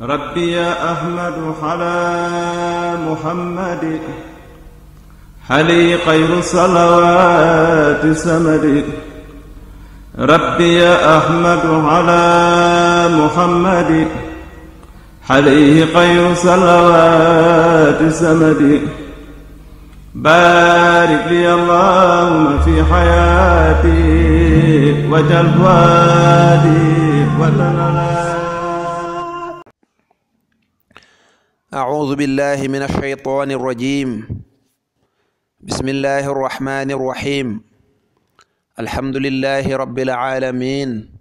rabbi ya ahmadu xalaa muhammadi xali xayru salawaati samadi rabbi ya ahmadu xalaa muhammadi xali xayru salawaati samadi baarik li allahumma fi xayaati wajal waadi wa tanala أعوذ بالله من الشيطان الرجيم بسم الله الرحمن الرحيم الحمد لله رب العالمين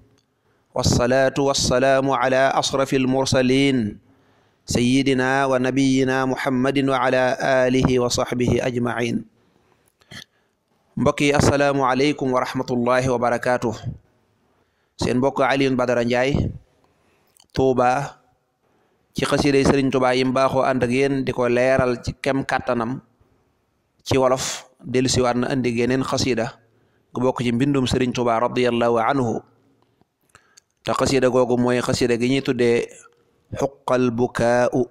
والصلاة والسلام على أشرف المرسلين سيدنا ونبينا محمد وعلى آله وصحبه أجمعين mbokki asalaamu aleykum wa rahmatullahi wa barakaatu seen mbokk Alioune Badara Ndiaye Touba ci xasiiday Sëriñ Tubaa yim baaxoo ànd ak yéen di ko leeral ci kem kàttanam ci wolof dellusiwaat na indi geneen xasiida gu bokk ci mbindum Sëriñ Tubaa radiyallahu anhu te xasiida googu mooy xasiida gi ñuy tuddee xuqal bukaau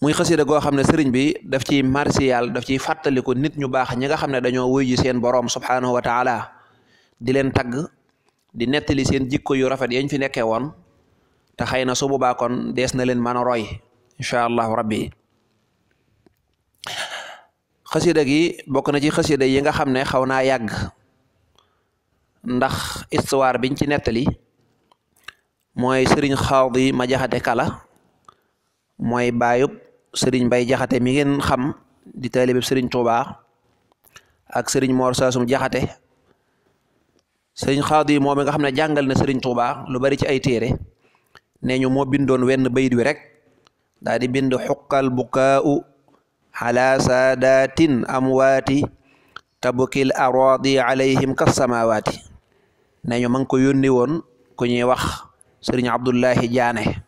muy xasiida goo xam ne sëriñ bi daf ciy marsiyaal daf ciy fàttaliku nit ñu baax ñi nga xam ne dañoo wuy seen boroom subhaanahu wa di leen tagg di nettali seen jikko yu rafet yañ fi nekkee woon te xay na su boobaa kon des na leen mën a roy incha allahu rabbi xasida gi bokk na ci xasida yi nga xam ne xaw naa yàgg ndax histoire biñ ci nettali mooy sëriñ xaadi ma jaxate kala mooy baayub sëriñ bay jaxate mi ngeen xam di taalibe sëriñ Tuubaa ak sëriñ Mor Saasum jaxate sëriñ xaadi moom mi nga xam ne jàngal na sëriñ Tuubaa lu bari ci ay téere nee ñu moo bindoon wenn bayit wi rek daa di bind xuqal bukaa'u ala saadatin amwaati tabukil araadi alayhim kas samawaati nee ñu ma ngi ko yónni woon ko ñuy wax sëriñ Abdullahi Jaane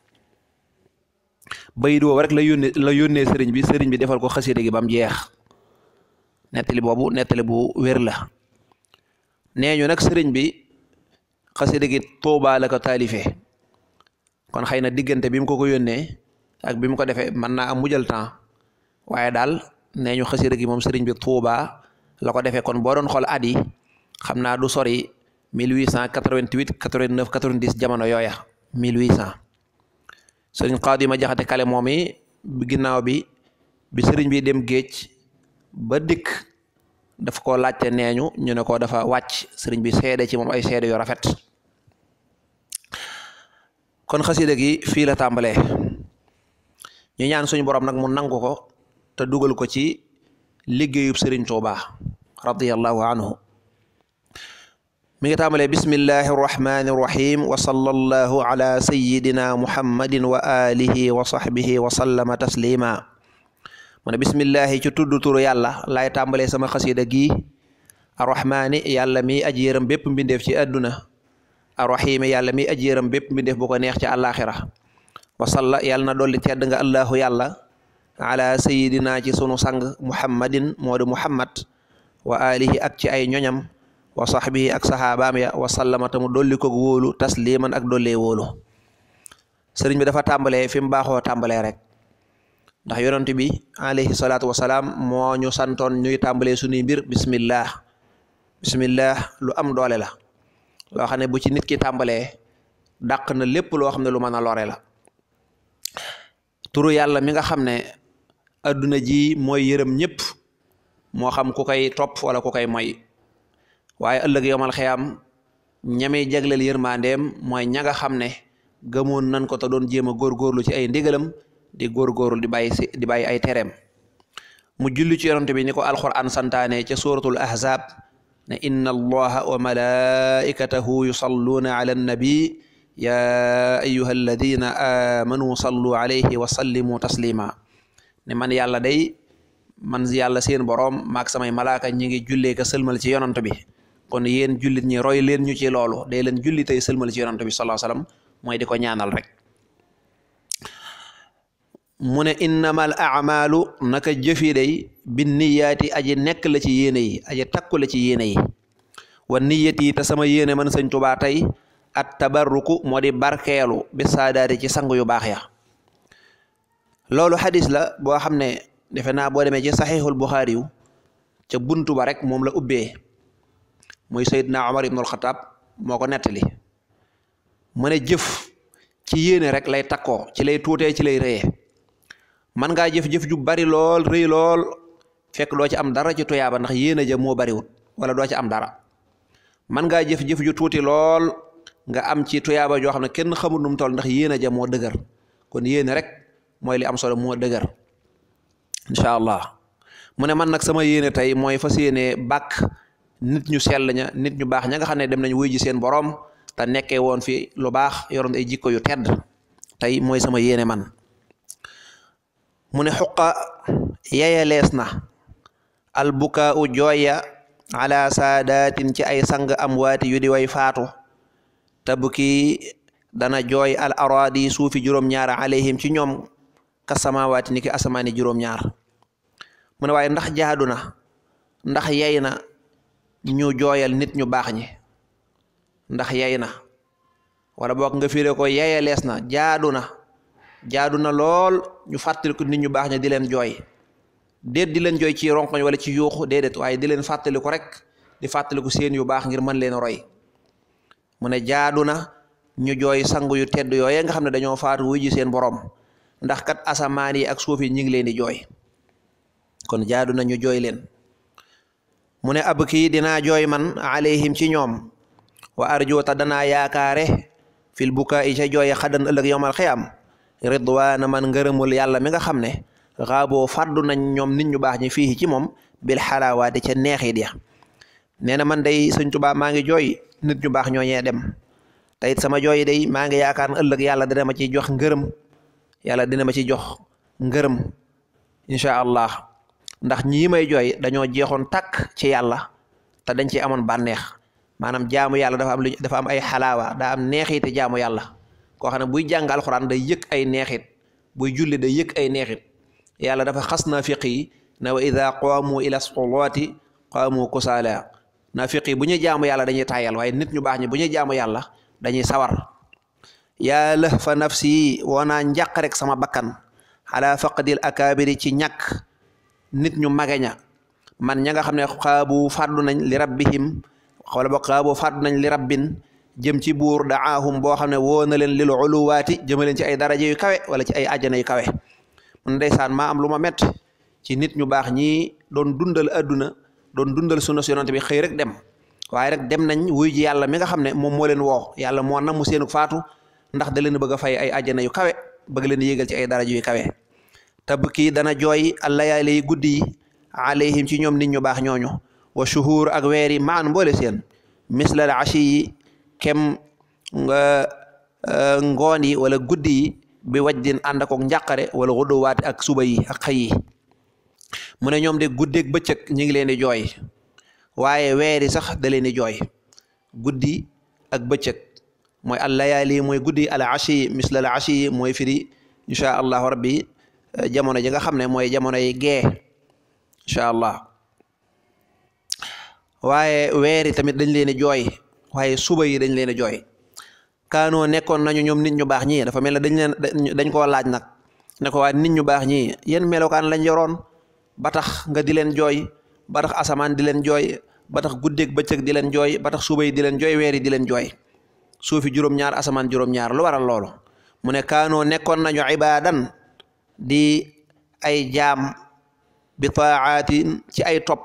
bayit woowu rek la yónnee la sëriñ bi sëriñ bi defal ko xasida gi jeex nettali boobu nettali bu wér la nee ñu nag sëriñ bi xasida gi Tuubaa taalife kon xëy na diggante bi mu ko ko yónnee ak bi mu ko defee mën naa am mujjal temps waaye daal nee ñu xasida gi moom sëriñ bi Touba la ko defee kon boo doon xool at yi xam naa du sori 1888 89 90 jamono yooya 1800 sëriñ Xaadima Jaxate Kale moom i ginnaaw bi bi sëriñ bi dem géej ba dikk daf koo laajte nee ñu ñu ne ko dafa wàcc sëriñ bi seede ci moom ay seede yu rafet. kon xasida gi fii la tàmbalee ñu ñaan suñu borom nag mu nangu ko te dugal ko ci liggéeyu Sëriñ Tuubaa radiyallahu anhu mi ngi tàmbalee bismillahi arrahmani arrahim wa sallallahu ala sayyidina muhammadin wa alihi wa sahbihi wa sallama taslima mu ne bismillahi ci tudd tàmbalee sama xasida gi arrahmaani yàlla mi aji yërëm bépp mbindeef ci àdduna arrahima yàlla mi aji yërëm bépp mi def bu ko neex ci àllaaxira wasalla yàlla na dolli tedd nga allahu yàlla ala sayidina ci sunu sang muhammadin moo di muhammad wa alihi ak ci ay ñoñam wa sahbihi ak sahabaam ya wa sallama tamu dolli ko wóolu tasliman ak dollee wóolu sëriñ bi dafa tàmbalee fi mu baaxoo tàmbalee rek ndax yonent bi alayhi salaatu wasalaam moo ñu santoon ñuy tàmbalee suñuy mbir bismillah bismillah lu am doole la loo xam ne bu ci nit ki tàmbalee daq na lépp loo xam ne lu mën a lore la turu yàlla mi nga xam ne adduna ji mooy yërëm ñëpp moo xam ku koy topp wala ku koy moy waaye ëllëg yomal xeyam ñamey jagleel yërmandeem mooy ña xam ne gëmoon nan ko te doon jéem a góorgóorlu ci ay ndigalam di góorgóorlu di bàyyi si di bàyyi ay tereem mu julli ci yonante bi ni ko an santaane ca suratul ahzab ne inna allaha wa malaikatahu yusalluuna ala annabi ya ayuha alladina amanu sallu alayhi wa sallimu taslima ne man yàlla day man yàlla seen borom maak samay malaaka ñi ngi jullee ka sëlmal ci yonant bi kon yéen jullit ñi roy leen ñu ci loolu day leen julli tey sëlmal ci yonant bi sallallahu alayhi wa sallam mooy di ko ñaanal rek mu ne innamal naka jëfi day bi niyaati aji nekk la ci yéene yi aji takku la ci yéene yi wa niyat yi te sama yéene man sëñ Tuubaa tey at tabarruku moo di barkeelu bi saadaari ci sang yu baax ya loolu xadis la boo xam ne defe naa boo demee ci saxiixul Buxaari yu ca buntu ba rek moom la ubbee muy Seydina amari ibnul Xataab moo ko nettali mu ne jëf ci yéene rek lay takkoo ci lay tuutee ci lay rëyee man ngaa jëf-jëf ju bari lool rëy lool fekk doo ci am dara ci tuyaaba ndax yéen a ja moo bariwut wala doo ci am dara man ngaa jëf-jëf ju tuuti lool nga am ci tuyaaba joo xam ne kenn xamul nu mu toll ndax yéen a ja moo dëgër kon yéen rek mooy li am solo moo dëgër incha allah mu ne man nag sama yéene tey mooy fa yéene bàkk nit ñu sell ña nit ñu baax ña nga xam ne dem nañu wuy ji seen borom te nekkee woon fi lu baax yoroon ay jikko yu tedd tey mooy sama yéene man mu ne xuqa yayalees na albukaa u jooya ala saadaatin ci ay sang am waati yu di way faatu bukki dana jooy al araadi suufi juróom-ñaar alayhim ci ñoom ka samaawaati ni ki asamaani juróom-ñaar mu ne waaye ndax jaadu na ndax yay na ñu jooyal nit ñu baax ñi ndax yay na wala boog nga firee ko yayalees na jaadu na jaadu na lool ñu fàttaliku nit ñu baax ña di leen jooy déet di leen jooy ci ronkoñ wala ci yuuxu déedéet waaye di leen fàttaliku rek di fàttaliku seen yu baax ngir mën leen roy mu ne jaadu na ñu jooy sangu yu tedd yooyee nga xam ne dañoo faatu wuy ji seen borom ndax kat asamaan yi ak suuf yi ñu ngi leen di jooy kon jaadu na ñu jooy leen mu ne ab kii dinaa jooy man alayhim ci ñoom wa arjoota danaa yaakaare fil bukaa i ca jooye xadan ëllëg yowmal xiyaam waa na man ngërëmul yàlla mi nga xam ne xaaboo fàddu nañ ñoom nit ñu baax ñi fii ci moom bil xalaawaati ca neexit ya nee na man day sëñ Tuubaa maa ngi jooy nit ñu baax ñooñee dem te it sama jooy day maa ngi yaakaar ne ëllëg yàlla dina ma ciy jox ngërëm yàlla dina ma ci jox ngërëm incha allah ndax ñii may jooy dañoo jeexoon takk ci yàlla te dañ ci amoon bànneex maanaam jaamu yàlla dafa am lu dafa am ay xalaawa daa am neexite jaamu yàlla koo xam ne buy jàng alxuraan day yëkk ay neexit buy julli day yëg ay neexit yàlla dafa xas naafiq yi ne wa ida qaamu ila solaati qaamu kusaala naafiq yi bu ñuy jaamu yàlla dañuy tàyyal waaye nit ñu baax ñi bu ñuy jaamu yàlla dañuy sawar yaa lëx fa nafsi wanaa njàq rek sama bakkan ala faqdil akaabiri ci ñàkk nit ñu mageña man ña nga xam ne xaabu fàddu nañ li rabbihim wala ba xaabu fàddu nañ li rabbin jëm ci buur daahum boo xam ne woo na leen lil uluwaati jëma leen ci ay daraje yu kawe wala ci ay ajjana yu kawe ndeysaan ma am lu ma mett ci nit ñu baax ñii doon dundal adduna doon dundal sunna su yonante bi xëy rek dem waaye rek dem nañ wuy ji yàlla mi nga xam ne moom moo leen woo yàlla moo nam mu seenu faatu ndax da leen bëgg fay ay ajjana yu kawe bëgg leen yëgal ci ay daraje yu kawe tabki dana jooy allayaale yi guddi yi alayhim ci ñoom nit ñu baax ñooñu wa kem nga eh, ngoon yi wala guddi yi bi wajdin ànd ak njàqare wala xuduwaate ak suba yi ak xëy mu ne ñoom de guddeeg bëccëg ñu ngi leen di jooy waaye weeri sax da leen di jooy guddi ak bëccëg mooy al layaali mooy guddi al ashi misla al ashi mooy firi incha allahu rabbi eh, jamono ji nga xam ne mooy jamono yi gee incha allah waaye weeri tamit dañ leen jooy waaye suuba yi dañ leen a jooy kaanoo nekkoon nañu ñoom nit ñu baax ñii dafa mel ne dañ leen dañ koo laaj nag ne ko waa nit ñu baax ñii yéen melokaan lañ yoroon ba tax nga di leen jooy ba tax asamaan di leen jooy ba tax guddeeg bëccëg di leen jooy ba tax yi di leen jooy weer yi di leen jooy suufi juróom-ñaar asamaan juróom-ñaar lu waral loolu mu ne kaanoo nekkoon nañu ibaadan di ay jaam bi ci ay topp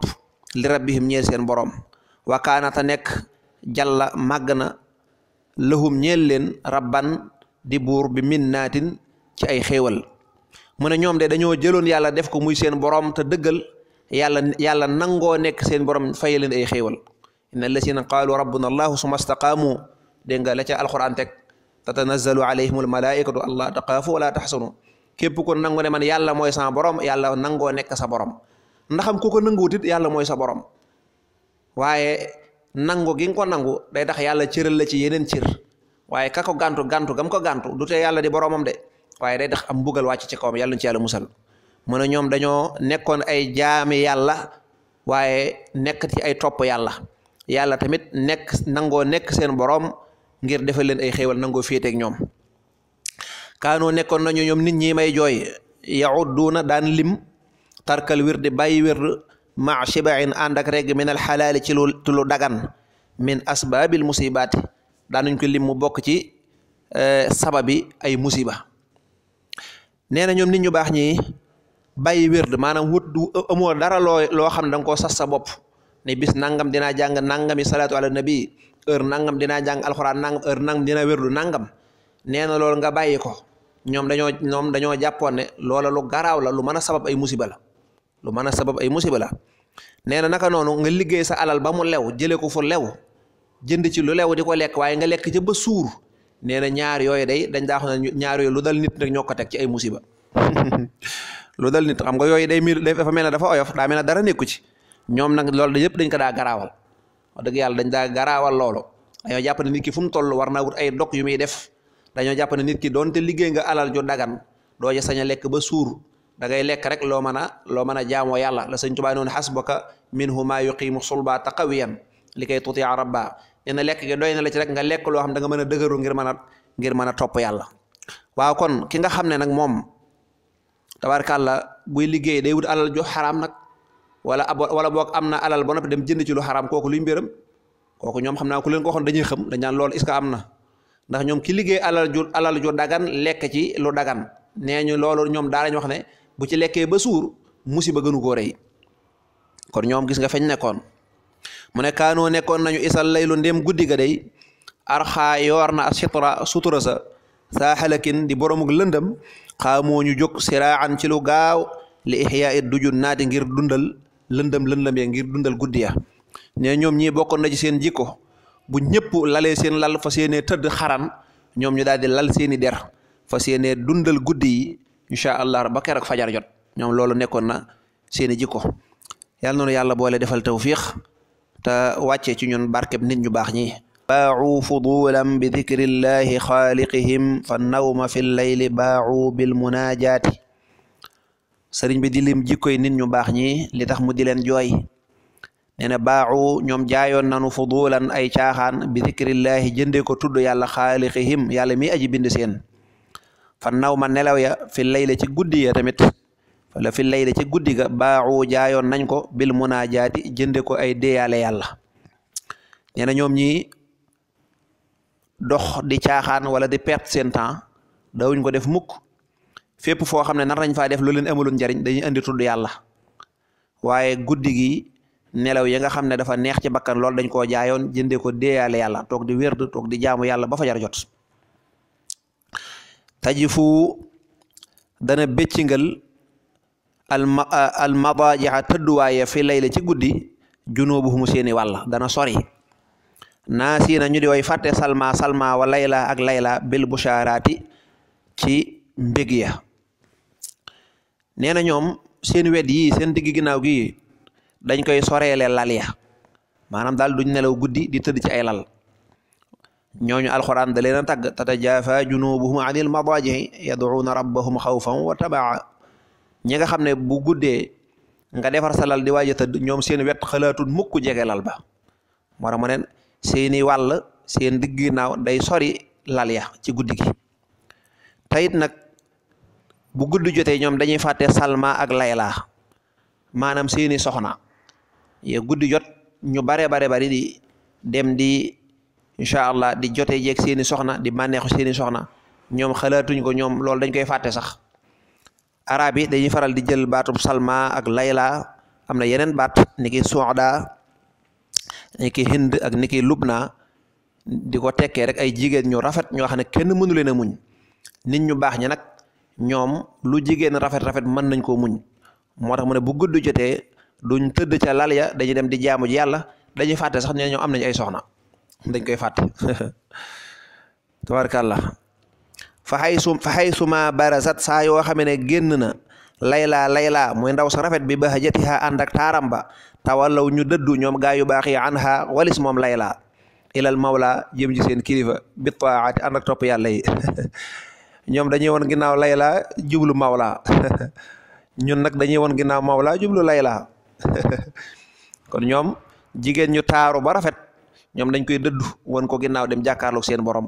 li rabbihim ñeel boroom borom wakaanata nekk jalla màgg na lahum ñeel leen rabban di buur bi minnaatin ci ay xéewal mu ne ñoom de dañoo jëloon yàlla def ko muy seen borom te dëggal yàlla yàlla nangoo nekk seen borom fay leen ay xéewal inna na qaalu rabbuna allahu suma staqaamu dégg nga la ca alquran teg tatanazzalu alayhim almalaikatu allah taqaafu wala taxsanu képp ko nangu ne man yàlla mooy sa borom yàlla nangoo nekk sa borom ndaxam ku ko yàlla mooy sa borom waaye nangoo gi ko nangu day tax yàlla cëral la ci yeneen cër waaye ka ko gàntu gàntu gam ko gàntu du tee yàlla di boroomam de waaye day tax am mbugal wàcc ci kawam yàlla ci yàlla musal mu ne ñoom dañoo nekkoon ay jaami yàlla waaye nekk ci ay topp yàlla yàlla tamit nekk nangoo nekk seen boroom ngir defal leen ay xéewal nangoo féeteeg ñoom kaanoo nekkoon nañu ñoom nit ñi may jooy ya'udduuna daan lim tarkal wird bàyyi wird ma shibain ànd ak regg min al xalaali ci lu lu dagan min asbaabil musibaati daanuñ ko lim mu bokk ci e, sababi ay musiba nee na ñoom nit ñu baax ñi bàyyi wérd maanaam wut du amoo dara loo loo xam ne da nga sas sa bopp ne bis nangam dinaa jàng nangami salaatu ala nabi heure nangam dinaa jàng alxuraan nangam heure nangam dina wérdu nangam nee na loolu nga bàyyi ko ñoom dañoo ñoom dañoo jàppoon ne loola lu garaaw la lu mën a sabab ay musiba la lu mën a sabab ay musiba la nee na naka noonu nga liggéey sa alal ba mu lew jëlee ko fu lew jënd ci lu lew di ko lekk waaye nga lekk ci ba suur nee na ñaar yooyu day dañ daa xam ne ñaar yooyu lu dal nit nag ñoo ko teg ci ay musiba lu dal nit xam nga yooyu day miir dafa mel ne dafa oyof daa mel ne dara nekku ci ñoom nag loolu yëpp dañ ko daa garaawal wax yàlla dañ daa garaawal loolu dañoo jàpp ne nit ki fu mu toll war naa wut ay dokk yu muy def dañoo jàpp ne nit ki doonte liggéey nga alal ju dagan doo ja sañ a lekk ba suur dangay lekk rek loo mën a loo mën a jaamoo yàlla la sëñ Tuubaa noonu xasbaka minhu maa yuqiimu sulba taqawiyan li koy tuutia rabba nee na lekk gi doy la ci rek nga lekk loo xam da nga a dëgëru ngir mën a ngir mën a topp yàlla waaw kon ki nga xam ne nag moom tabarkàlla buy liggéey day wut alal ju xaraam nag wala ab wala boog am na alal ba noppi dem jënd ci lu xaraam kooku luy mbiram kooku ñoom xam naa ku leen ko dañuy xam dañ loolu est am na ndax ñoom ki liggéey alal ju alal ju dagan lekk ci lu dagan nee ñu loolu ñoom daa lañ wax ne bu ci lekkee ba suur musiba gënu koo rëy kon ñoom gis nga feñ nekkoon mu ne kaanoo nekkoon nañu isal laylu ndéem guddi ga day arxaa yoor na sitra sutura sa saa xalakin di boromuk lëndëm xaamoo ñu jóg siraan ci lu gaaw li ixyaa it dujun naati ngir dundal lëndëm lëndëm ya ngir dundal guddi ya ne ñoom ñii bokkoon na ci seen jikko bu ñëpp lalee seen lal fa seenee tëdd xaran ñoom ñu daal di lal seeni der fa seenee dundal guddi yi incha allah ba keroog fajar jot ñoom loolu nekkoon na seeni jikko yàlla noonu yàlla boole defal tawfiix te wàcce ci ñun barkeb nit ñu baax ñi baacu fudulan bi dikri llahi xaaliqihim fa nawma fi leyli baacu bil munaajaati sëriñ bi di lim jikkoy nit ñu baax ñi li tax mu di leen jooy nee na ñoom jaayoon nanu fudulan ay caaxaan bi dikri llahi jëndee ko tudd yàlla xaaliqihim yàlla mi aji bind seen fa naw ma nelaw ya fi layla ci guddi ya tamit wala fi layla ci guddi ga baaxu jaayoon nañ ko bil jaadi jënde ko ay déyaale yàlla nee na ñoom ñi dox di caaxaan wala di perte seen temps dawuñ ko def mukk fépp foo xam ne nar nañ faa def lu leen amulun njariñ dañuy indi tudd yàlla waaye guddi gi nelaw yi nga xam ne dafa neex ci bakkan lool dañ koo jaayoon jënde ko déeyaale yàlla toog di wérd toog di jaamu yàlla ba fajar jot tajifu dana béccingal alma euh, almadaajixa tëdduwaaya fi layla ci guddi junuubuhumu seeni wàll dana sori naasi na ñu di way fàtte salma salma wa layla ak layla bil bushaaraati ci mbég ya nee na ñoom seen wet yi seen digg ginnaaw gi dañ koy soreele lal ya maanaam daal duñ nelaw guddi di tëdd ci ay lal ñooñu alxuraan da leen a tàgg tatajaafaa junubuhum anil madaaji'i yad'uuna rabbahum xawfan wa tabaa ñi nga xam ne bu guddee nga defar sa lal di waaj a ñoom seen wet xalaatul mukk jege lal ba war a mu neen seeni wàll seen digg ginnaaw day sori lal ya ci guddi gi tayit nag bu gudd jotee ñoom dañuy fàtte salma ak laylaa maanaam seeni soxna ye guddi jot ñu bare bare bari di dem di incha allah di jotee jeeg seeni soxna di bànneexu seeni soxna ñoom xalaatuñ ko ñoom loolu dañ koy fàtte sax araab yi dañuy faral di jël baatub salma ak layla am na yeneen baat niki soxda niki hind ak niki lubna di ko tekkee rek ay jigéen ñu rafet ñoo xam ne kenn mënu leen a muñ nit ñu baax ñi nag ñoom lu jigéen rafet rafet mën nañ koo muñ moo tax mu ne bu gudd jotee duñ tëdd ca lal ya dañuy dem di jaamu yàlla dañuy fàtte sax ne ñoom am nañ ay soxna dañ koy fàtte tabarakallah fa xaysu fa barazat saa yoo xam ne génn na layla layla muy ndaw sa rafet bi ba xajatiha ànd ak taaram ba tawallaw ñu dëddu ñoom gaa yu baax yi an ha walis moom laylaa ilal mawla jëm ji seen kilifa bi taati ànd ak topp yàlla yi ñoom dañuy woon ginnaaw laylaa jublu mawla ñun nag dañuy woon ginnaaw mawla jublu laylaa kon ñoom jigéen ñu taaru ba rafet ñoom dañ koy dëddu wan ko ginnaaw dem jàkkaarloog seen borom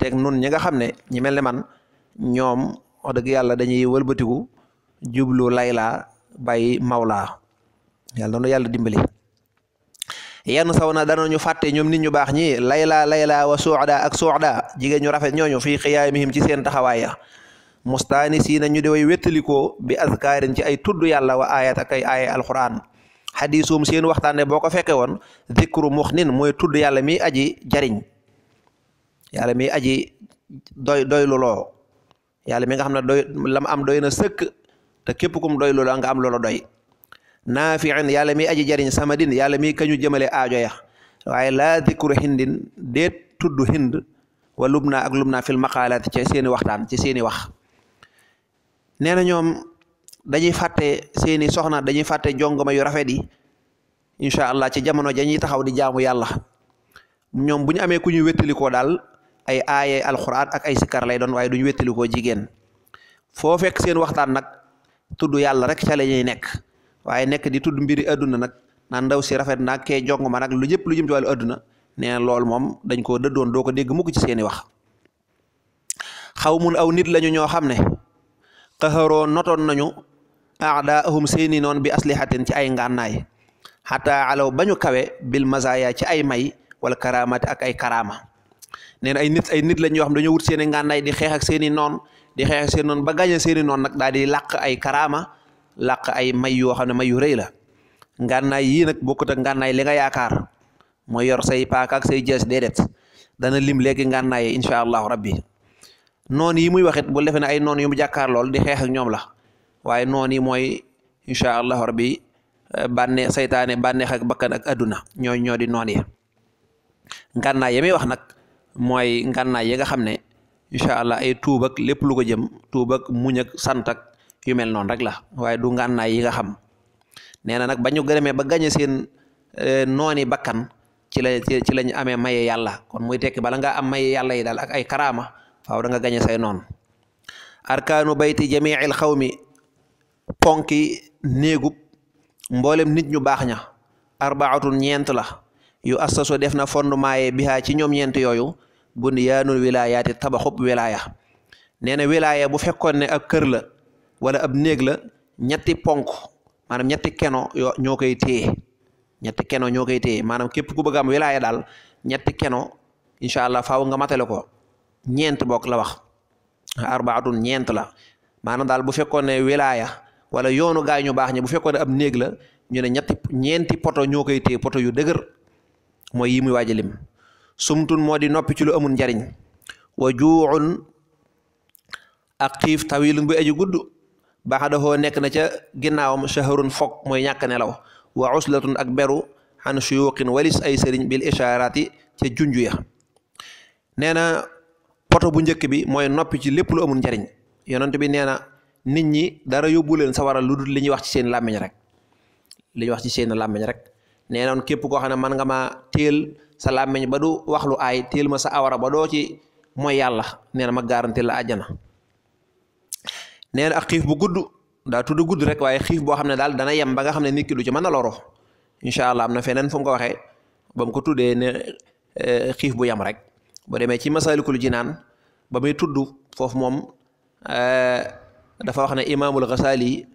teeg nun ñi nga xam ne ñi mel ne man ñoom wax dëgg yàlla dañuy wëlbatiku jublu laylaa bàyyi mawlaa yàlla noonu yàlla dimbali yan saw dana ñu fàtte ñoom nit ñu baax ñi laylaa laylaa wa suuda ak suuda jigéen ñu rafet ñooñu fii xiyaamihim ci seen taxawaaya mustaani sii na ñu di way wéttalikoo bi azkaarin ci ay tudd yàlla wa ayat ak ay aaya alxuraan xadiisum seen waxtaane boo ko fekke woon zikru muxnin mooy tudd yàlla mi aji jariñ yàlla mii aji doy doy luloo yàlla mi nga xam ne doy lam am doy na sëkk te képp kum doy loola nga am loola doy naafiin yàlla mi aji jariñ sama din yàlla mii kañu jëmale ajo ya waaye laa zikru hindin déet tudd hind wa lubna ak lubna fil maqaalaat ci seeni waxtaan ci seeni wax nee ñoom dañuy fàtte seeni soxna dañuy fàtte jongoma yu rafet yi incha allah ci jamono jañuy taxaw di jaamu yàlla ñoom bu ñu amee ku ñu wéttalikoo daal ay aaye alxuraan ak ay sikkar lay doon waaye du ñu wéttalikoo jigéen foo fekk seen waxtaan nag tudd yàlla rek ca la ñuy nekk waaye nekk di tudd mbiri adduna nag naan ndaw si rafet na kee jongoma nag lu jëpp lu jëm ci wàllu adduna nee na loolu moom dañ koo dëddoon doo ko dégg mukk ci seeni wax xaw mun aw nit lañu ñoo xam ne aadaahum seeni noon bi aslihatin ci ay ngànnaay xataa alaw bañu kawee kawe bil mazaaya ci ay may wala karaamati ak ay karaama nee ay nit ay nit lañu yoo xam dañoo wut seen i di xeex ak seen noon di xeex ak seen noon ba gàñe seen noon nag daal di làq ay karaama làq ay may yoo xam ne may yu rëy la ngànnaay yii nag bokkut ak ngànnaay li nga yaakaar mooy yor say paaka ak say jees déedéet dana lim léegi ngànnaay yi incha allahu rabbi noon yi muy waxit bu defe ne ay noon yu mu jàkkaar di xeex ak ñoom la waaye noon yi mooy incha allahu rabbi eh, bànne saytaane bànneex ak bakkan ak adduna ñooy ñoo di noon yi ngànnaay ya muy wax nag mooy ngànnaay yi nga xam ne incha allah ay tuub lépp lu ko jëm tuub ak muñ sant ak yu mel noonu rek la waaye du ngànnaay yi nga xam nee na nag ba ñu gërëmee ba gañe seen eh, nooni bakkan ci la ci lañ amee maye yàlla kon muy tekki bala nga am maye yàlla yi daal ak ay karaama faaw da nga gañe say noon arkaanu bayti jamiil xawmi ponki néegub mboolem nit ñu baax ña arbaatun ñeent la yu assaso def na fondement yee bihaa ci ñoom ñeent yooyu bunyaanul wilaayaati tabaxub wilaaya nee na wilaaya bu fekkoon ne ak kër la wala ab néeg la ñetti ponk maanaam ñetti keno yoo ñoo koy téye ñetti keno ñoo koy téye maanaam képp ku bëgg am wilaaya daal ñetti keno incha allah faaw nga matale ko ñeent bokk la wax arbaatun ñeent la maanaam daal bu fekkoon ne wilaaya wala yoonu gaay ñu baax ñi bu fekkoon ne ab néeg la ñu ne ñetti ñeenti poto ñoo koy téye poto yu dëgër mooy yi muy waaj a moo di noppi ci lu amul njariñ wa juucun ak xiif tawilun bu aji gudd baxadahoo nekk na ca ginnaawam shaharun foog mooy ñàkk nelaw wa uslatun ak beru xan suyuqin walis ay sëriñ bil ishaaraati ca junj ya nee na poto bu njëkk bi mooy noppi ci lépp lu amul njariñ yonent bi nee na nit ñi dara yóbbu leen sa waral lu dul li ñuy wax ci seen làmmiñ rek li ñuy wax ci seen làmmiñ rek nee noon képp koo xam ne man nga maa téel sa làmmiñ ba du wax lu aay téel ma sa awara ba doo ci mooy yàlla nee na ma garanti la àjjana nee na ak xiif bu gudd daa tudd gudd rek waaye xiif boo xam ne daal dana yem ba nga xam ne nit ki ci mën a loro incha allah am na feneen fu mu ko waxee ba ko tuddee ne eh, xiif bu yem rek boo demee ci ci naan ba muy tudd foofu moom eh, dafa wax ne imaamul Ghazali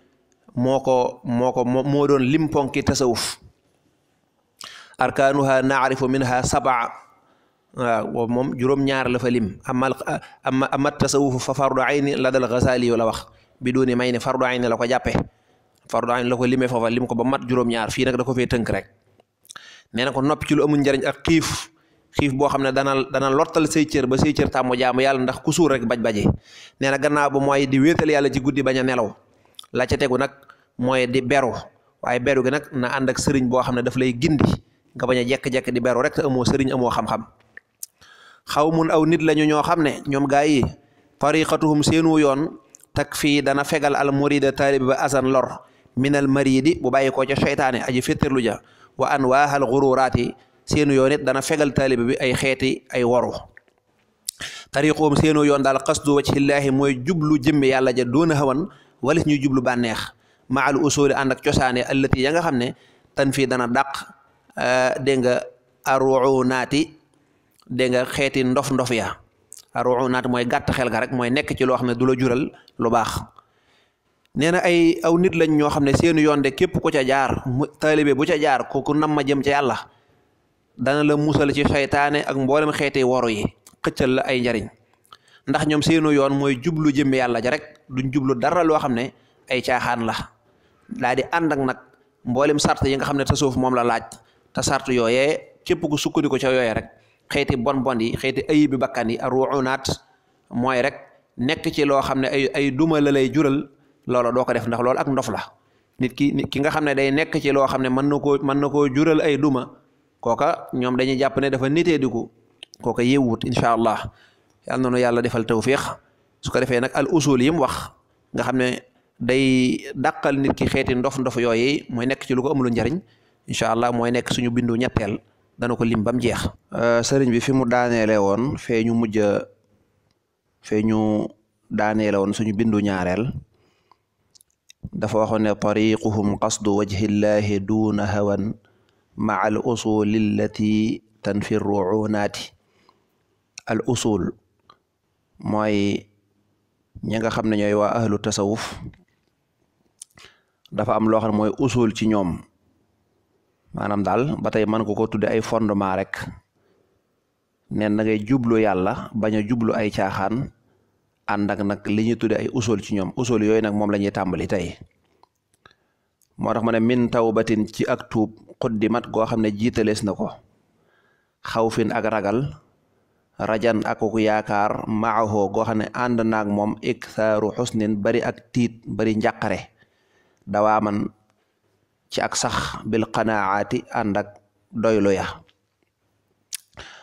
moo ko moo ko moo doon lim ponki tasawuf arkaanuha naarifu minha sabaa waaw moom juróom-ñaar la fa lim amal ama amat tasawufu fa fardu ayni la dal Ghazali la wax bi dooni may ne fardu ayni la ko jàppe fardu ayni la ko limee foofa lim ko ba mat juróom-ñaar fii nag da ko fee tënk rek nee ko nopp ci lu amul njariñ ak xiif xiif boo xam ne dana dana lottal say cër ba say cër tàmmu jaamu yàlla ndax ku suur rek baj-baje nee na gannaaw ba mooy di wéetal yàlla ci guddi bañ a nelaw la tegu nag mooy di beru waaye beru gi nag na ànd ak sëriñ boo xam ne daf lay gindi nga bañ a jekk-jekk di beru rek te amoo sëriñ amoo xam-xam xaw mun aw nit lañu ñoo xam ne ñoom gaa yi tariqatuhum seenu yoon tak fii dana fegal al murida taalibi ba asan lor minal maridi bu bàyyi koo ca seytaane aji féttirlu seenu yoon dana fegal taalibe bi ay xeeti ay waru tariqoom seenu yoon daal qasdu wajhillaahi mooy jublu jëmmi yàlla ja doon a hawan walis ñuy jublu bànneex maal usuli ànd ak cosaane allati ya nga xam ne tan fii dana dàq eh, dégg nga naati dégg nga xeeti ndof ndof ya aruunaat mooy gàtt xel ga rek mooy nekk ci loo xam ne du la jural lu baax nee na ay aw nit lañ ñoo xam ne seeni yoon de képp ku ca jaar taalibe bu ca jaar kooku nam ma jëm ca yàlla dana la musal ci seytaane ak mboolem xeeti waru yi xëccal la ay njariñ ndax ñoom seenu yoon mooy jublu jëmm yàlla ja rek duñ jublu dara loo xam ne ay caaxaan la daa di ànd ak nag mboolem sart yi nga xam ne te suuf moom la laaj te sart yooyee képp ku sukkandiku ca yooyee rek xeeti bon bon yi xeeti ayibi bakkan yi ruunaat mooy rek nekk ci loo xam ne ay ay duma la lay jural loola doo ko def ndax loolu ak ndof la nit ki ki nga xam ne day nekk ci loo xam ne mën na ko mën na koo jural ay duma kooka ñoom dañuy jàpp ne dafa nitee diku kooka yewut incha allah yal na nu yàlla defal feex su ko defee nag al usul yi wax nga xam ne day dàqal nit ki xeeti ndof-ndof yooyu mooy nekk ci lu ko amulu njariñ incha allah mooy nekk suñu bindu ñetteel dana ko lim bam jeex. Euh, sëriñ bi fi mu daaneele woon fee ñu mujj fee daaneele woon suñu bindu ñaareel. dafa waxoon ne tariquhum qasdu wajhillahi duuna hawan ma al usuli allati tanfi ruunaati al usul mooy ñi nga xam ne ñooy waa ahlu tasawuf dafa am loo xam mooy usul ci ñoom maanaam daal ba tey mën ko ko tudde ay fondement rek neen na ngay jublu yàlla bañ a jublu ay caaxaan ànd ak nag li ñuy tudde ay usul ci ñoom usul yooyu nag moom la ñuy tàmbali tey moo tax ma ne min tawbatin ci ak tuub xuddimat goo xam ne jiitalees na ko xawfin ak ragal rajan ak ku yaakaar maaxoo goo xam ne ànd naag moom iktaaru xusnin bari ak tiit bari njàqare dawaaman ci ak sax bil qanaati ànd ak doylu ya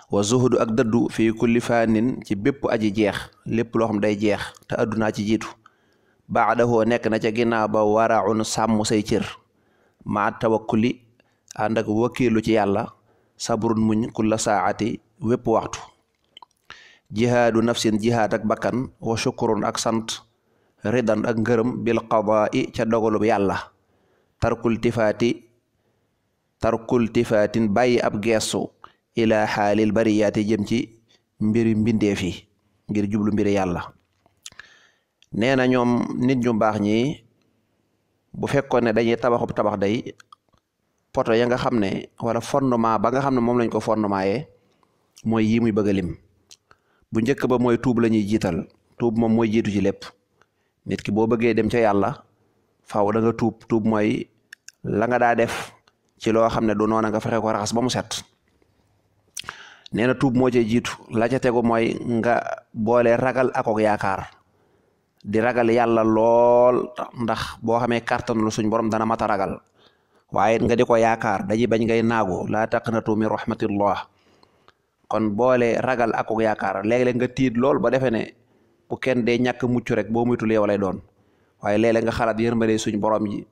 wa zuhdu ak dëddu fii kulli faanin ci bépp aji jeex lépp loo day jeex te addunaa ci jiitu baadahoo nekk na ca ginnaaw ba waraun sàmm say cër maa tawakkuli ànd ak wakkiilu ci yàlla sabrun muñ kulla saati wépp waxtu jihaadu nafsin jihaad ak bakkan wa shukurun ak sant ridan ak ngërëm bil qadaa'i ca dogalub yàlla tarkul tifaati tarkul tifaatin bàyyi ab geestu ilaa xaalil bariyaati jëm ci mbiri mbindeef yi ngir jublu mbiri yàlla nee ñoom nit ñu baax ñi bu fekkoon ne dañuy tabaxub tabax day poto ya nga xam ne wala fondement ba nga xam ne moom lañ ko fondement yee mooy yii muy bëgg lim bu njëkk ba mooy tuub la ñuy jiital tuub moom mooy jiitu ci lépp nit ki boo bëggee dem ca yàlla faaw da tuub tuub mooy la nga daa def ci loo xam ne du noona nga fexe ko raxas ba mu set nee na tuub moo cee jiitu la ca tegu mooy nga boole ragal akook yaakaar di ragal yàlla lool ndax boo xamee kàttan lu suñ borom dana mat a ragal waaye nga di ko yaakaar dañuy bañ ngay naagu laa na taqnatu min rahmatillah kon boole ragal ak yaakaar léeg-léeg nga tiit lool ba defee ne bu kenn dee ñàkk mucc rek boo muytul yow lay doon waaye léeg nga xalaat yërmande suñ borom ji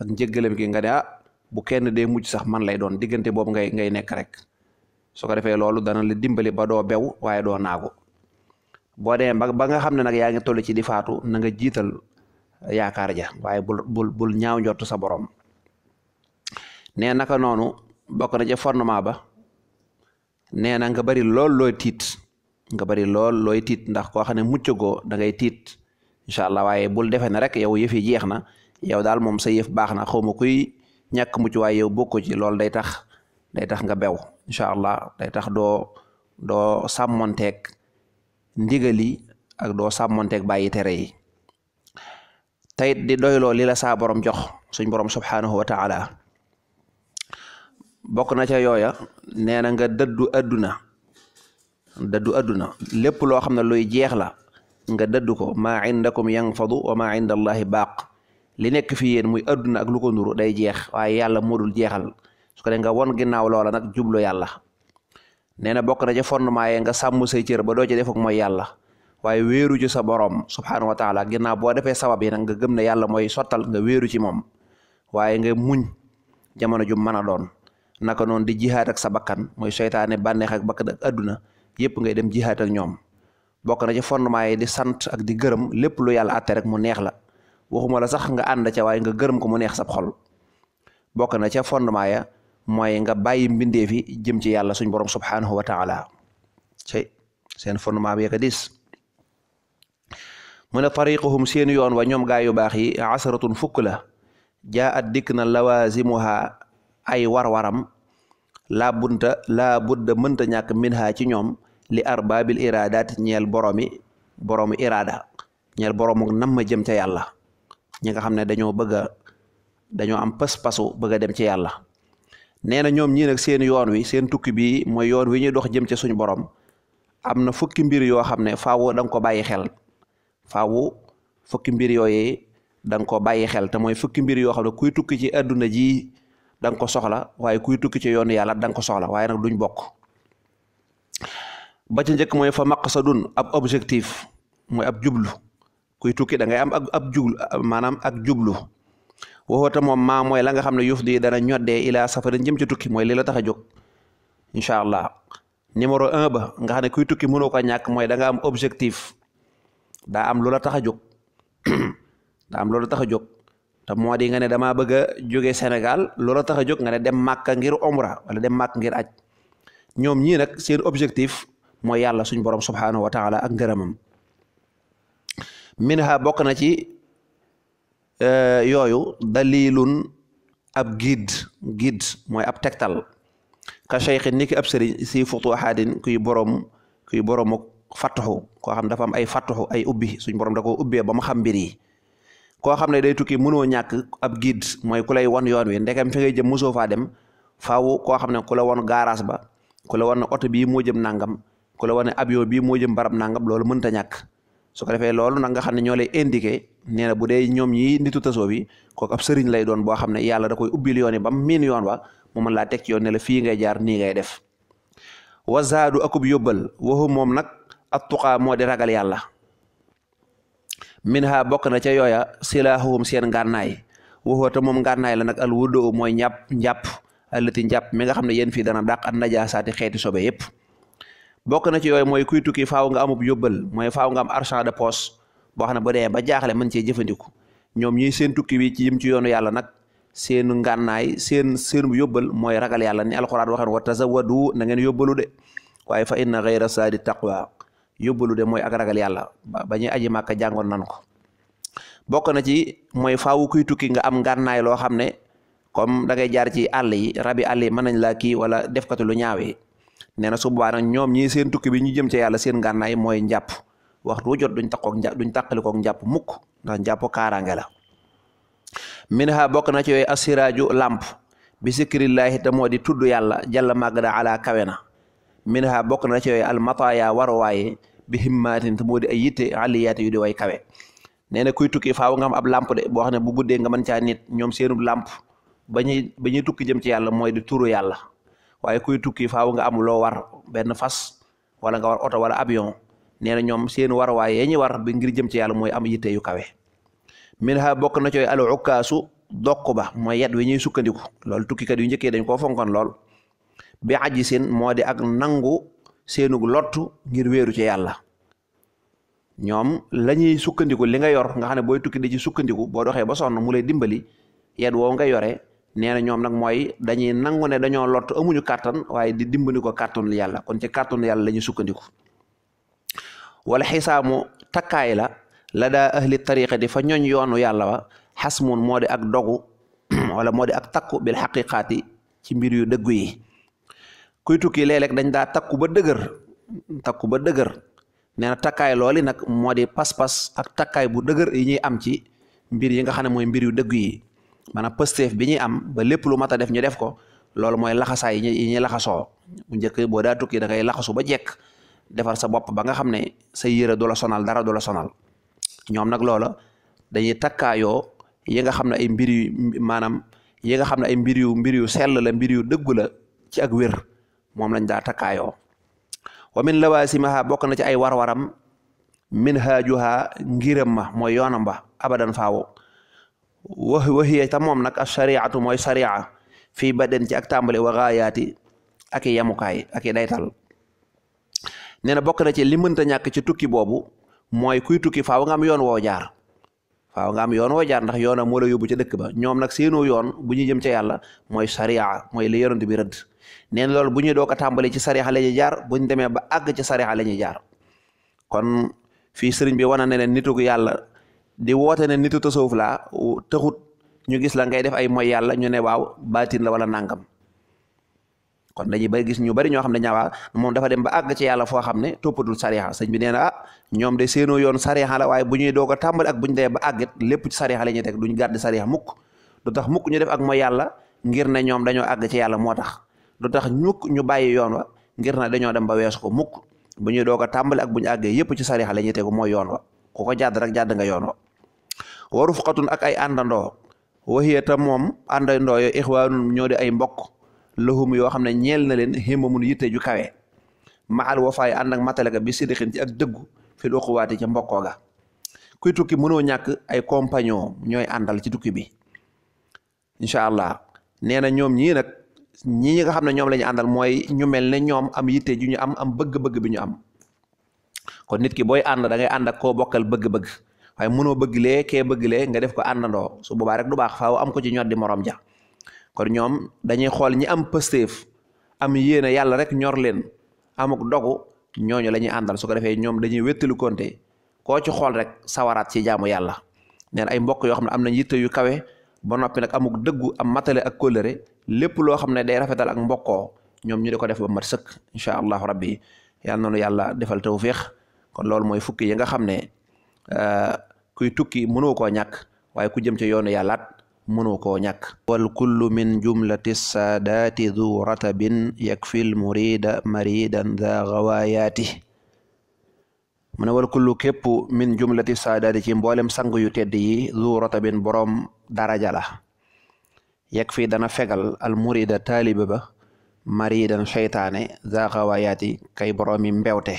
ak njëggalem gi nga ne ah, bu kenn dee mucc sax man lay doon diggante boobu ngay ngay nekk rek soo ko defee loolu dana la dimbali ba doo bew waaye doo naagu boo dee ba nga xam ne nag yaa ngi toll ci di faatu na nga jiital yaakaar ja waaye bul bul bul ñaaw njott sa borom nee naka noonu bokk na ca ba nee na nga bari lool looy tiit nga bari lool looy tiit ndax koo xam ne muccagoo da ngay tiit incha allah waaye bul defee na rek yow yëf yi jeex na yow daal moom sa yëf baax na xaw ma kuy ñàkk mucc waaye yow bokku ci loolu day tax day tax nga bew incha allah day tax doo doo sàmmonteeg ndigali ak doo sàmmonteeg bàyyi tere yi tayit di doyloo li la saa borom jox suñ borom subhanahu wa taala bokk na ca yooya nee na nga dëddu adduna dëddu adduna lépp loo xam ne luy jeex la nga dëddu ko maa indakum yanfadu wa maa inda allahi baaq li nekk fii yéen muy adduna ak lu ko nuru day jeex waaye yàlla moo dul jeexal su ko dee nga won ginnaaw loola nag jublu yàlla nee na bokk na ca fondement yee nga sàmm say cër ba doo ci def ak mooy yàlla waaye wéeru ci sa borom subhaanahu wa ginnaaw boo defee sabab yi nag nga gëm na yàlla mooy sottal nga wéeru ci moom waaye nga muñ jamono ju mën a doon naka noonu di jihaat ak sa bakkan mooy seytaane bànneex ak bakkan ak adduna yëpp ngay dem jihaat ak ñoom bokk na ca fondement yi di sant ak di gërëm lépp lu yàlla àtte rek mu neex la waxuma la sax nga ànd ca waay nga gërëm ko mu neex sab xol bokk na ca fondement ya mooy nga bàyyi mbindeef yi jëm ci yàlla suñ borom subhanahu wa taala cey seen fondement bi ka dis mu ne tariquhum seen yoon wa ñoom gaa yu baax yi fukk la jaa at dikk na lawazimuha ay war-waram laa bunta laa budda mënta ñàkk minha ci ñoom li arbaabil iradaat ñeel boromi boroomi iraada ñeel boroomu nam ma jëm ca yàlla ñi nga xam ne dañoo bëgg a dañoo am pas-pasu bëgg a dem ci yàlla nee na ñoom ñii nag seen yoon wi seen tukki bi mooy yoon wi ñuy dox jëm ca suñu borom am na fukki mbir yoo xam ne faawu da ko bàyyi xel faawu fukki mbir yooyee da ko bàyyi xel te mooy fukki mbir yoo xam ne kuy tukki ci àdduna ji da ko soxla waaye kuy tukki ci yoonu yàlla da ko soxla waaye nag duñ bokk ba ci njëkk mooy fa maqsadun ab objectif moy ab jublu kuy tukki da ngay am ak ab jublu maanaam ak jublu waxoota moom maa mooy la nga xam ne yuuf di dana ñoddee ilaa safarin jëm ci tukki mooy lii la tax a jóg incha allah numéro un ba nga xam ne kuy tukki mënoo ko ñàkk mooy danga am objectif daa am loola tax a jóg daa am loola tax a jóg te moo di nga ne damaa bëgg a jóge Sénégal loola tax a jóg nga ne dem Màkka ngir omra wala dem Màkka ngir aj ñoom ñii nag seen objectif mooy yàlla suñ borom subhaanahu wa taala ak ngërëmam minha bokk na ci e, yooyu dalilun ab guide guide mooy ab tegtal ka cheikh ni ki ab sëriñ si futu ahadin kuy borom kuy boroomu fàttaxu koo xam dafa am ay fàttaxu ay ubbi suñ borom da koo ubbee ba mu xam mbir yi koo xam ne day tukki mënoo ñàkk ab guide mooy ku lay won yoon wi ndegem fi ngay jëm mosoo faa dem faaw koo xam ne ku la won garage ba ku la wan oto bii moo jëm nangam ku la wan avion bii moo jëm barab nangam loolu mënta ñàkk su ko defee loolu nag nga xam ne ñoo lay indiqué nee bu dee ñoom ñii nitu tasoo bi kooku ab sëriñ lay doon boo xam ne yàlla da koy ubbil yoon yi ba mu miin yoon wa mu mën laa teg ci yoon ne la fii ngay jaar nii ngay def wazaadu kub yóbbal waxu moom nag at tuqaa moo di ragal yàlla min ha bokk na ca yooya silaahuhum seen ngànnaay waxoota moom ngànnaay la nag al wuddoo mooy ñàpp njàpp allati njàpp mi nga xam ne yéen fii dana dàq an najaasaati xeeti sobe yëpp bokk na ci yooyu mooy kuy tukki faaw nga amub yóbbal mooy faaw nga am argent de poche boo xam ne bu dee ba jaaxle mën cee jëfandiku ñoom ñuy seen tukki wi ci yim ci yoonu yàlla nag seen ngànnaay seen seen yobal mooy ragal yàlla ni alxuraan waxeen wa tazawadu na ngeen yóbbalu de waaye fa inna xayra saadi taqwa yóbbalu de mooy ak ragal yàlla ba ñuy aji màkka jàngoon nan ko bokk na ci mooy faawu kuy tukki nga am ngànnaay loo xam ne comme da ngay jaar ci àll yi rabi àll yi mën nañ laa kii wala defkatu lu ñaaw yi na su boobaa ñoom ñii seen tukki bi ñu jëm ci yàlla seen ngànnaay mooy njàpp waxtu wu jot duñ takkoog njàpp duñ tàqalikoog njàpp mukk ndax njàpp kaaraange la minha bokk na ci yooyu asiraaju làmp bi sikrillaahi te moo di tudd yàlla jàlla màgg da ci yooyu almataya waruwaaye bi himmaatin te moo di ay yitte aliyaati yu di way kawe nee na kuy tukki faaw nga am ab lamp de boo xam ne bu guddee nga mën caa nit ñoom seenu lamp ba ñuy ba ñuy tukki jëm ci yàlla mooy de turu yàlla waaye kuy tukki faaw nga am loo war benn fas wala nga war oto wala avion nee na ñoom seenu war waaye yee ñi war bi ngir jëm ci yàlla mooy am yitte yu kawe min ha bokk na cooy al ukkaasu dokk ba mooy yat wi ñuy sukkandiku loolu tukkikat yu njëkkee dañ koo fonkoon lool ak nangu seenug lottu ngir weeru ci yàlla ñoom la ñuy sukkandiku li nga yor nga xam ne booy tukki di ci sukkandiku boo doxee ba sonn mu lay dimbali yet woow nga yore nee na ñoom nag mooy dañuy nangu ne dañoo lott amuñu kàttan waaye di dimbali ko kàttanu yàlla kon ci kàttanu yàlla la ñuy sukkandiku wala xisaamu takkaay la la daa ahli tariqati fa ñooñ yoonu yàlla wa xasmun moo di ak dogu wala moo di ak takku bil xaqiqaati ci mbir yu dëggu yi kuy tukki léeg-léeg dañ daa takku ba dëgër takku ba dëgër nee na takkaay looli nag moo di pas-pas ak takkaay bu dëgër yi ñuy am ci mbir yi nga xam ne mooy mbir yu dëgg yi maanaam pësteef bi ñuy am ba lépp lu mat a def ñu def ko loolu mooy laxasaay yi laxasoo bu njëkk boo daa tukki da ngay laxasu ba jekk defar sa bopp ba nga xam ne sa yére du la sonal dara du la sonal ñoom nag loola dañuy takkaayoo yi nga xam ne ay mbir yu maanaam yi nga xam ne ay mbir yu mbir yu sell la mbir yu dëggu la ci ak wér moom lañ daa takkaayoo wa min lawaasimaha bokk na ci ay war-waram min haajuha ngiram ma mooy yoonam ba abadan faawu wa waxiya ta moom nag ashariatu mooy sharia fii baden ci ak tàmbali wa gaayaati ak i yamukaay ak i daytal nee na bokk na ci li mënta ñàkk ci tukki boobu mooy kuy tukki faawu nga am yoon woo jaar faaw nga am yoon woo jaar ndax yoonam moo la yóbbu ca dëkk ba ñoom nag seenu yoon bu ñuy jëm ci yàlla mooy sharia mooy li yonent bi rëdd neen loolu bu ñuy doo ko tàmbali ci sarixa la ñuy jaar buñ demee ba àgg ci sarixa la ñuy jaar kon fii sëriñ bi wane ne leen nituk yàlla di woote ne nitu tasawuf laa taxut ñu gis la ngay def ay mooy yàlla ñu ne waaw baatin la wala nangam kon dañuy bay gis ñu bari ñoo xam ne ñaawaa moom dafa ba àgg ci yàlla foo xam ne toppatul sarixa sëñ bi nee na ah, ñoom de seenoo yoon sarixa la waaye bu ñuy doog a tàmbali ak bu ba àggit lépp ci sarixa la ñuy teg duñ gàddi sarixa mukk du tax mukk ñu def ak mooy yàlla ngir ne ñoom dañoo àgg ci yàlla moo tax du tax ñukk ñu bàyyi yoon wa ngir na dañoo dem ba weesu ko mukk bu ñuy doog tàmbali ak bu ñu àggee yëpp ci sarixa la ñuy tegu mooy yoon wa ku ko jàdd rek jàdd nga yoon wa wa rufqatun ak ay àndandoo waxiye ta moom àndandoo yo ñoo di ay mbokk lahum yoo xam ne ñeel na leen himamun yitte ju kawe maal wafaay faay ak matale ga bi sidixin ci ak dëggu fi luquwaati ca mbokkoo ga kuy tukki mënoo ñàkk ay compagnon ñooy àndal ci tukki bi incha allah nee na ñoom ñii ñi nga xam ne ñoom la ñu àndal mooy ñu mel ne ñoom am yitte ju ñu am am bëgg-bëgg bi ñu am kon nit ki booy ànd da ànd ak koo bokkal bëgg-bëgg waaye mënoo bëgg lee kee bëgg lee nga def ko àndandoo su boobaa rek du baax faaw am ko ci ñor di morom ja kon ñoom dañuy xool ñi am pësteef am yéene yàlla rek ñor leen amuk dogu ñooñu lañuy àndal su ko defee ñoom dañuy wéttalu konte koo ci xool rek sawaraat ci jaamu yàlla neen ay mbokk yoo xam ne am nañ yitte yu kawe ba noppi nag amuk dëggu am matale ak kóllëre lépp loo xam ne day rafetal ak mbokkoo ñoom ñu di ko def ba mat sëkk incha allahu rabbi yal na nu yàlla defal tawfiix kon loolu mooy fukki yi nga xam ne euh, kuy tukki mënoo koo ñàkk waaye ku jëm ci yoonu yàllaat mënoo koo ñàkk wal kullu min jumlati saadaati du ratabin yakfil murida maridan da gawayaati mu ne wal kullu képp min jumlati saadaati ci mboolem sang yu tedd yi zu rotabin boroom daraja la yeg fii dana fegal al murida taaliba ba maridan seytaane zaxawaayaati kay boroomi mbewte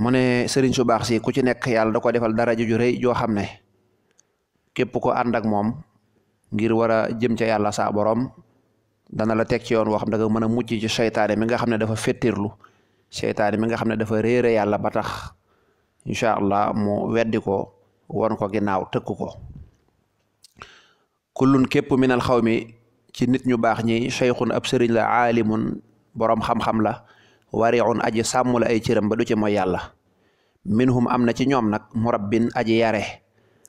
mu ne sëriñ su baax si ku ci nekk yàlla da ko defal daraja ju rëy joo xam ne képp ko ànd ak moom ngir war a jëm ca yàlla saa boroom dana la tek ci yoon woo xam da nga mën a mucc ci seytaane mi nga xam ne dafa fettirlu seytaane mi nga xam ne dafa réere yàlla ba tax incha allah mu weddi ko won ko ginnaaw tëkk ko kullun képp minal xaw mi ci nit ñu baax ñi cheykhun ab sëriñ la aalimun boroom xam-xam la wariun aji sàmm ay cëram ba du ci mooy yàlla minhum am na ci ñoom nag murabbin aji yare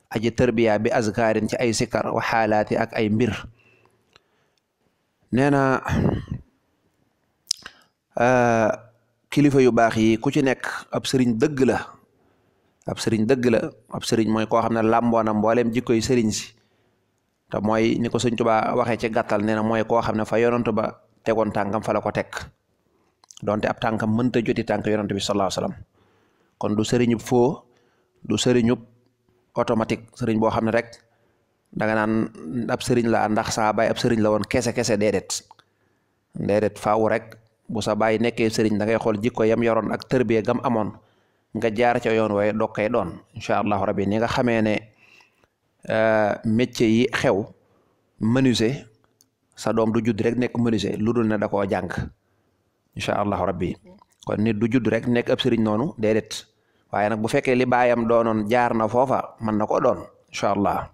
aji tërbiya bi azkaarin ci ay sikkar wa xaalaati ak ay mbir nee euh, kilifa yu baax yii ku ci nekk ab sëriñ dëgg la ab sëriñ dëgg la ab sëriñ mooy koo xam ne làmboo na mbooleem jikkoy sëriñ si te mooy ni ko sëñ Tuubaa waxee ci gàttal nee na mooy koo xam ne fa yonent ba tegoon tànkam fa la ko teg donte ab tànkam mënta joti tànk yonent bi sallallahu alayhi kon du sëriñub foo du sëriñub automatique sëriñ boo xam ne rek danga naan ab sëriñ la ndax saa ab sëriñ la woon kese kese déedéet déedéet faaw rek. bu sa baay nekkee sëriñ da ngay xool jikko yam yoroon ak tërbie gam amoon nga jaar ca yoon waaye dog koy doon incha allahu rabbi ni nga xamee ne euh, métier yi xew menuisier sa doom du judd rek nekk menuisier lu dul ne da koo jàng incha allahu rabbi kon nit du judd rek nekk ab sëriñ noonu déedéet waaye nag bu fekkee li baayam doonoon jaar na foofa mën na koo doon incha allah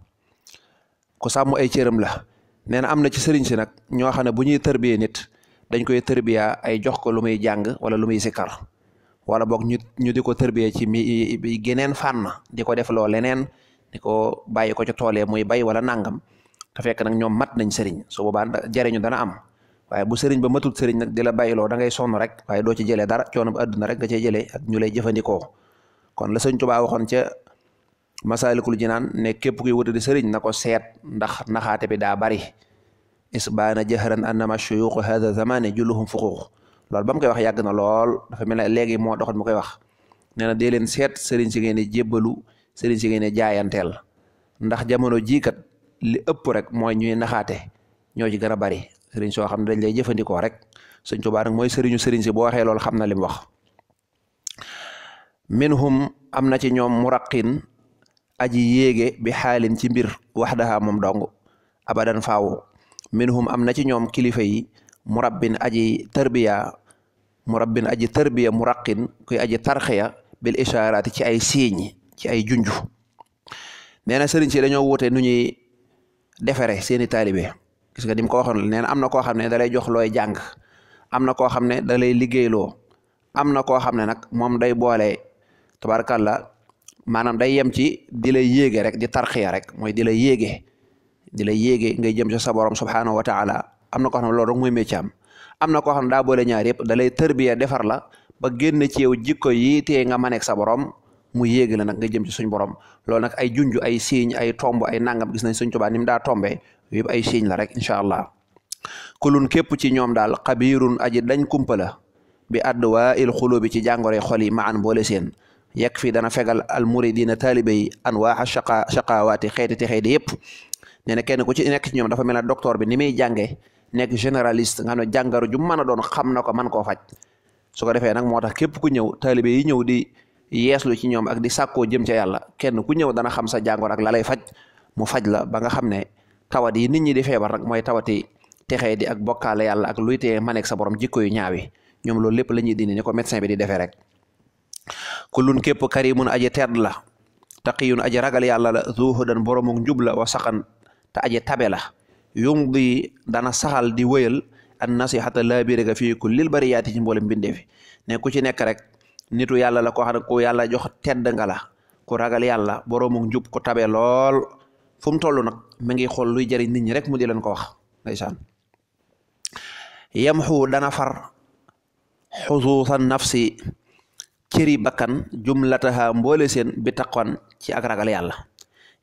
ko sàmm ay cëram la nee na am na ci sëriñ si nag ñoo xam ne bu ñuy tërbie nit. dañ koy tërbiya ay jox ko lu muy jàng wala lu muy sikkar wala boog ñu ñu di ko tërbiya ci mi geneen na di ko def loo leneen di ko bàyyi ko ci toolee muy bay wala nangam te fekk nag ñoom mat nañ sëriñ su boobaa jariñu dana am waaye bu sëriñ ba matul sëriñ nag di la bàyyiloo da ngay sonn rek waaye doo ci jëlee dara coono bu àdduna rek nga cay jëlee ak ñu lay jëfandikoo kon la sëñ Tuubaa waxoon ca Masaalikul Jinaan ne képp kuy wuta di sëriñ na ko seet ndax naxaate bi daa bari isbaana jahran annama shuyuq hada zamani julluhum fuquq loolu ba mu koy wax yàgg na lool dafa mel ne léegi moo doxoon mu koy wax nee na dee leen seet sëriñ si ngeen di jébbalu sëriñ si ngeen di jaayanteel ndax jamono jii kat li ëpp rek mooy ñuy naxaate ñoo ci gën a bari sëriñ soo xam ne dañ lay jëfandikoo rek Sëriñ Tuubaa mooy sëriñu sëriñ si boo waxee loolu xam na li wax minhum am na ci ñoom muraqin aji yéege bi xaalin ci mbir waxdaha moom dong abadan faaw minhum am na ci ñoom kilifa yi murabbin aji tarbiya murabbin aji tarbiya muraqin kuy aji tarxiya bil ishaaraati ci ay signe ci ay junju nee na sëriñ si dañoo wuute nu ñuy defere seeni taalibe gis nga ni mu ko waxoon nee na am na koo xam ne da jox looy jàng am na koo xam ne da lay liggéeyloo am na koo xam ne nag moom day boole tabarkalla maanaam day yem ci di lay yéege rek di tarxiya rek mooy di lay yéege di la yéege ngay jëm ci sa borom subhanahu wa taala am na koo xam ne loolu rek mooy métier am na koo xam ne daa boole ñaar yëpp da lay tërbiya defar la ba génn ci yow jikko yii tee nga maneek sa borom mu yéegi la nag nga jëm ci suñ borom loolu nag ay junj ay siiñ ay tomb ay nangam gis nañ suñ Tuubaa ni mu daa tombe yëpp ay siiñ la rek incha allah kulun képp ci ñoom daal xabiirun aji dañ kumpa la bi adduwaa il xulóo bi ci jàngoree xol yi maan boole seen yakfi dana fegal al muridina taalibe yi anwaaxa shaqa shaqaawaati xeeti te xeeti yëpp nee na kenn ku ci nekk ci ñoom dafa mel ne doctor bi ni muy jàngee nekk généralist nga xam jàngaro jàngaru ju mën a doon xam na ko man koo faj su ko defee nag moo tax képp ku ñëw taalibe yi ñëw di yeeslu ci ñoom ak di sàkkoo jëm ca yàlla kenn ku ñëw dana xam sa jàngoor ak la lay faj mu faj la ba nga xam ne tawat yi nit ñi di feebar nag mooy tawati texee di ak bokkaale yàlla ak luy tee maneeg sa borom jikko yu ñaawi ñoom loolu lépp la ñuy dindi ni ko médecin bi di defee rek kullun képp karimun aje tedd la ta taqiyun aje ragal yàlla la zuhudan boromuk njub la wa saqan te aje tabe la yumdi dana saxal di wëyal an nasihata laabire ga fii kullil bariyaati ci mboolem mbindee fi ne ku ci nekk rek nitu yàlla la ko xam ne ku yàlla jox tedd nga la ku ragal yàlla boromuk njub ko tabe lool fu mu toll nag mi ngi xool luy jëriñ nit ñi rek mu di leen ko wax ndeysaan yamxu dana far xusuusan nafsi cëri bakkan jumlataha mboole seen bi taqwan ci ak ragal yàlla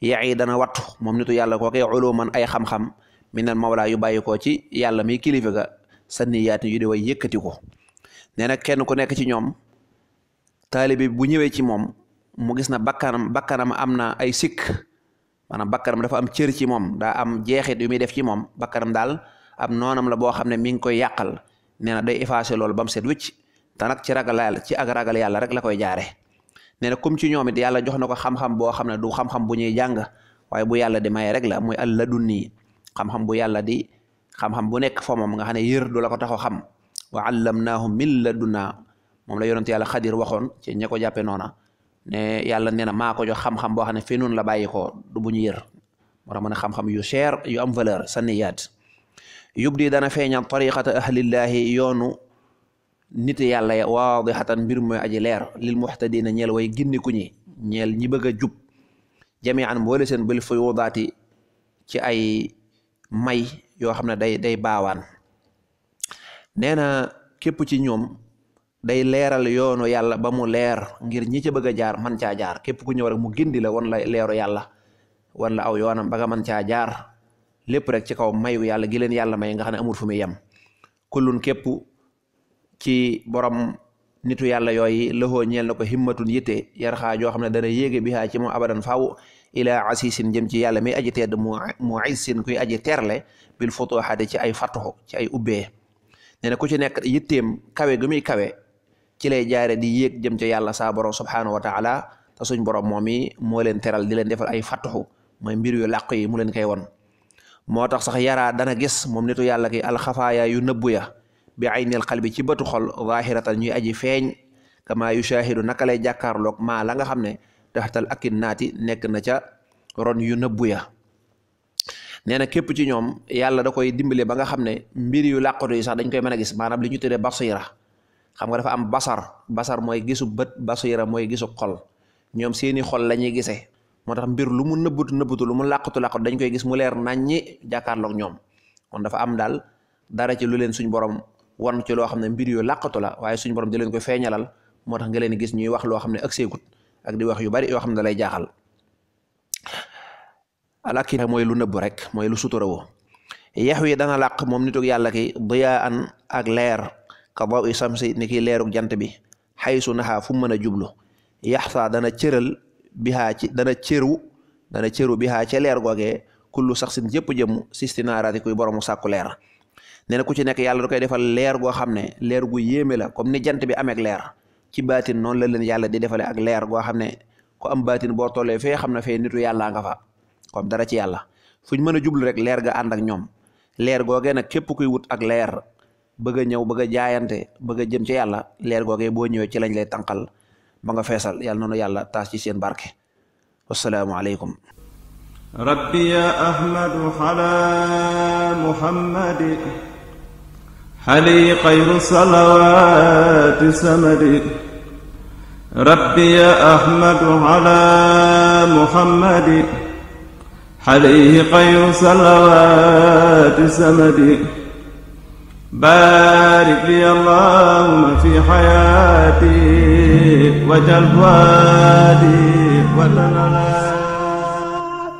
yaay dana wattu moom nitu yàlla koo koy uluman ay xam-xam minal mawla yu bàyyi ci yàlla mii kilifa ga sanniyaati yu di way yëkkati ko nee na kenn ku nekk ci ñoom taalibi bu ñëwee ci moom mu gis na bakkanam bakkanam am na ay sikk maanaam bakkanam dafa am cër ci moom daa am jeexit yu muy def ci moom bakkanam daal am noonam la boo xam ne mi ngi koy yàqal nee na day effacé loolu ba mu set wëcc te nag ci ragal yàlla ci ak ragal yàlla rek la koy jaare nee na comme ci ñoom it yàlla jox na ko xam-xam boo xam ne du xam-xam bu ñuy jàng waaye bu yàlla di maye rek la muy a ladunni xam-xam bu yàlla di xam-xam bu nekk fo moom nga xam ne yër du la ko taxo xam wa allamnaahu min ladunna moom la yonent yàlla xadir waxoon ci ña ko jàppe noona ne yalla nee na maa ko jox xam-xam boo xam ne fii noonu la bàyyi ko du bu ñu yër moo tax ma xam-xam yu cher yu am valeur sanniyaat yubdi dana feeñal tariqata ahlillahi yoonu nit yàlla waaw waadixatan mbir mooy aji leer lil muxtadina ñeel way ginniku ñi ñeel ñi bëgg a jub jami an boole seen bil fuyudaati ci ay may yoo xam ne day day baawaan nee na képp ci ñoom day leeral yoonu yàlla ba mu leer ngir ñi ca bëgg a jaar man caa jaar képp ku ñëw mu gindi la wan la leeru yàlla wan la aw yoonam ba nga man caa jaar lépp rek ci kaw mayu yàlla gi leen yàlla may nga xam ne amul fu muy yem kullun képp ci borom nitu yàlla yooyu lëxoo ñeel na ko himmatun yitte yarxaa joo xam ne dana yéege bi haa ci moom abadan faaw ilaa asisin jëm ci yàlla mi aji tedd mu mu isin kuy aji terle bil futuhaati ci ay fatuxu ci ay ubbee nee na ku ci nekk yitteem kawe gu muy kawe ci lay jaare di yéeg jëm ca yàlla saa borom subhaanahu wa taala te suñ borom moom yi moo leen teral di leen defal ay fatuxu mooy mbir yu làqu yi mu leen koy won moo tax sax yaraa dana gis moom yàlla ki alxafaaya yu bi aynil qalbi ci bëtu xol zahiratan ñuy aji feeñ kama yushaahidu naka lay jàkkaarloog maa la nga xam ne taxtal akin naati nekk na ca ron yu nëbbu ya nee na képp ci ñoom yàlla da koy dimbale ba nga xam ne mbir yu làqatu yi sax dañ koy mën a gis maanaam li ñu tuddee basira xam nga dafa am basar basar mooy gisu bët basira mooy gisu xol ñoom seeni xol la ñuy gisee moo tax mbir lu mu nëbbutu nëbbutu lu mu làqatu làqatu dañ koy gis mu leer nañ ñi jàkkaarloog ñoom kon dafa am daal dara ci lu leen suñ borom wan ci loo xam ne mbir yu làqatu la waaye suñ borom di leen ko feeñalal moo tax nga leen gis ñuy wax loo xam ne ak seegut ak di wax yu bari yoo xam ne da lay jaaxal alakira mooy lu nëbbu rek mooy lu suturawoo yeex wi dana làq moom nitug yàlla ki diyaa an ak leer ka daw i samsi ni ki leerug jant bi xaysu naxaa fu mën a jublu yaxsaa dana cëral bihaa ci dana cëru dana bi bihaa ca leer googee kullu sax sin jëpp jëmm sisti naaraati kuy sàkku leer nee na ku yàlla da koy defal leer goo xam ne leer gu yéeme la comme ni jant bi ameek leer ci baatin noonu la leen yàlla di defalee ak leer goo xam ne ku am baatin boo tollee fee xam ne fee nitu yàllaa nga fa comme dara ci yàlla fuñ mën a jublu rek leer ga ànd ak ñoom leer googee na képp kuy wut ak leer bëgg a ñëw bëgg a jaayante bëgg a jëm ci yàlla leer googee boo ñëwee ci lañ lay tànqal ba nga feesal yàlla noonu yàlla taas ci seen barke wassalaamu علي خير صلوات سمد ربي يا أحمد على محمد عليه خير صلوات سمد بارك لي اللهم في حياتي وجل فؤادي وتنالي